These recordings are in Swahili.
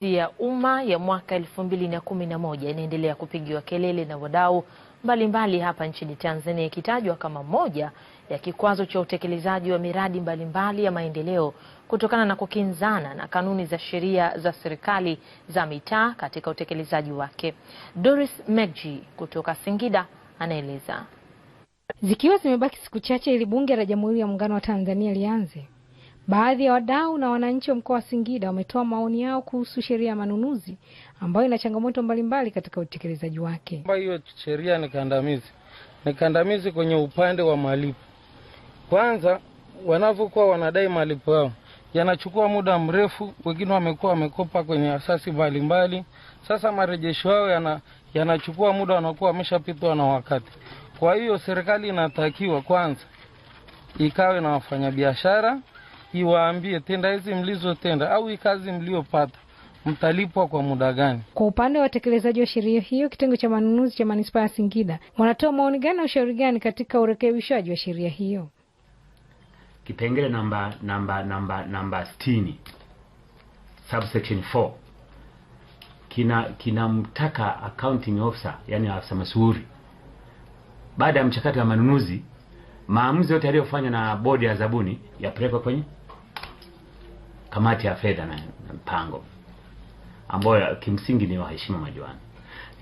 ya umma ya mwaka 2011 inaendelea kupigiwa kelele na wadau mbalimbali hapa nchini Tanzania, ikitajwa kama moja ya kikwazo cha utekelezaji wa miradi mbalimbali ya maendeleo kutokana na kukinzana na kanuni za sheria za serikali za mitaa katika utekelezaji wake. Doris Megji kutoka Singida anaeleza. Zikiwa zimebaki siku chache ili bunge la Jamhuri ya Muungano wa Tanzania lianze Baadhi ya wadau na wananchi wa mkoa wa Singida wametoa maoni yao kuhusu sheria ya manunuzi ambayo ina changamoto mbalimbali katika utekelezaji wake. hiyo sheria ni kandamizi, ni kandamizi kwenye upande wa malipo. Kwanza wanavyokuwa wanadai malipo yao yanachukua muda mrefu. Wengine wamekuwa wamekopa kwenye asasi mbalimbali, sasa marejesho yao yana, yanachukua muda, wanakuwa wameshapitwa na wakati. Kwa hiyo serikali inatakiwa kwanza ikawe na wafanyabiashara iwaambie tenda hizi mlizotenda au hii kazi mliopata mtalipwa kwa muda gani? Kwa upande wa watekelezaji wa sheria hiyo, kitengo cha manunuzi cha manispaa ya Singida wanatoa maoni gani na ushauri gani katika urekebishaji wa sheria hiyo? Kipengele namba namba namba namba sitini subsection 4 kina kinamtaka accounting officer, yani afisa masuhuri, baada ya mchakato wa manunuzi, maamuzi yote yaliyofanywa na bodi ya zabuni yapelekwa kwenye kamati ya fedha na mpango ambayo kimsingi ni waheshimu madiwani.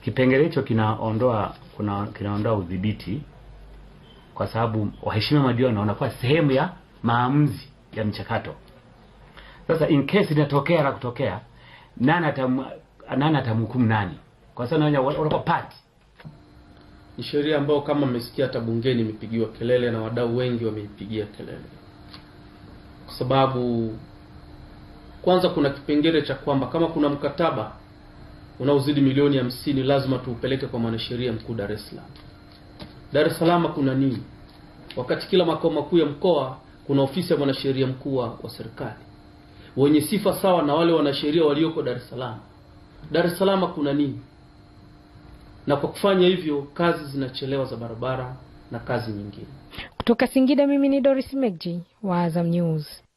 Kipengele hicho kinaondoa kuna kinaondoa udhibiti, kwa sababu waheshima majuani wanakuwa sehemu ya maamuzi ya mchakato. Sasa in case inatokea la kutokea, nani atam nani atamhukumu nani? Kwa sababu naona wanakuwa part Ni sheria ambayo kama mmesikia hata bungeni imepigiwa kelele na wadau wengi wameipigia kelele kwa sababu kwanza kuna kipengele cha kwamba kama kuna mkataba unaozidi milioni hamsini lazima tuupeleke kwa mwanasheria mkuu Dar es Salaam. Dar es Salaam kuna nini? Wakati kila makao makuu ya mkoa kuna ofisi ya mwanasheria mkuu wa serikali wenye sifa sawa na wale wanasheria walioko Dar es Salaam. Dar es Salaam kuna nini? Na kwa kufanya hivyo kazi zinachelewa za barabara na kazi nyingine. Kutoka Singida, mimi ni Doris Megji wa Azam News.